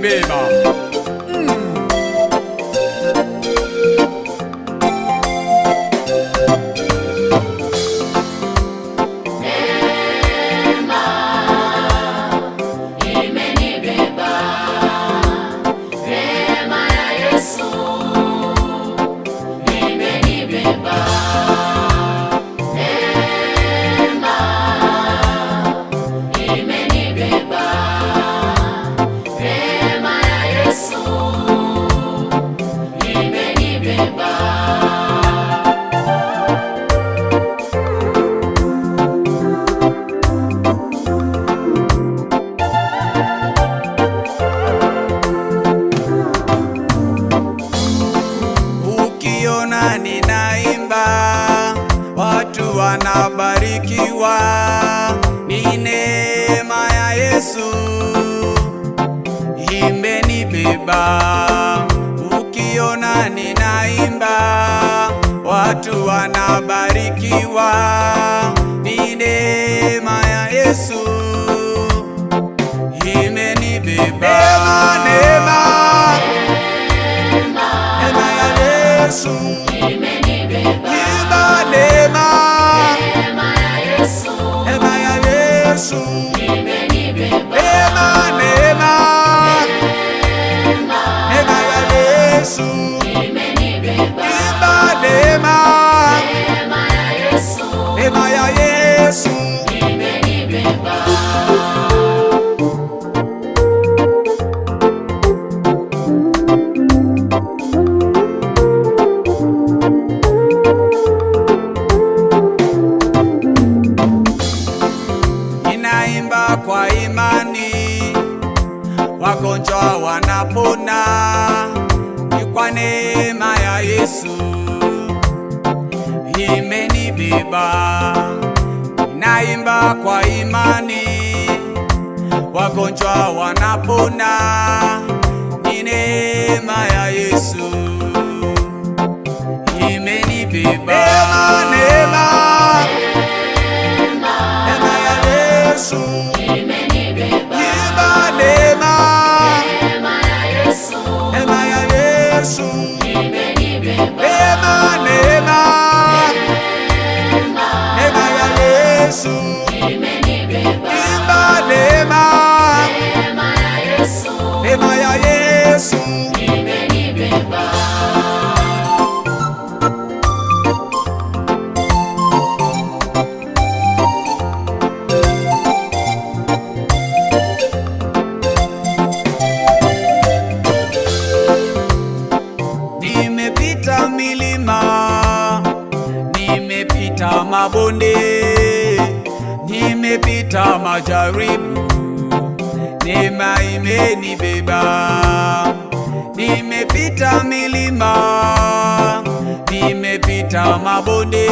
对吧？Ninabarikiwa, ni neema ya Yesu imenibeba. Ukiona ninaimba, watu wanabarikiwa, ni neema ya Yesu imenibeba. Neema, neema, neema ya Yesu imenibeba. Neema, neema soul. Nibe, nibe, wanapona ni kwa neema ya Yesu imenibeba, naimba kwa imani, wagonjwa wanapona ni neema ya Yesu imenibeba, neema, neema, neema ya Yesu Nimepita mabonde, nimepita majaribu, neema imenibeba. Nimepita milima, nimepita mabonde,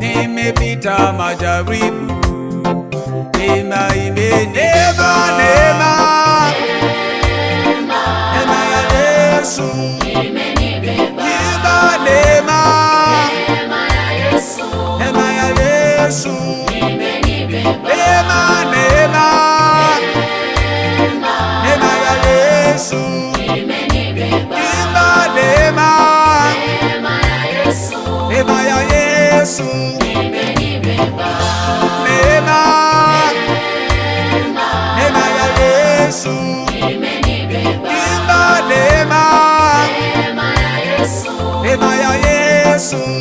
nimepita majaribu, neema imenibeba. Neema, neema ya Yesu. Yesu, neema neema neema ya Yesu, neema ya Yesu, neema ya Yesu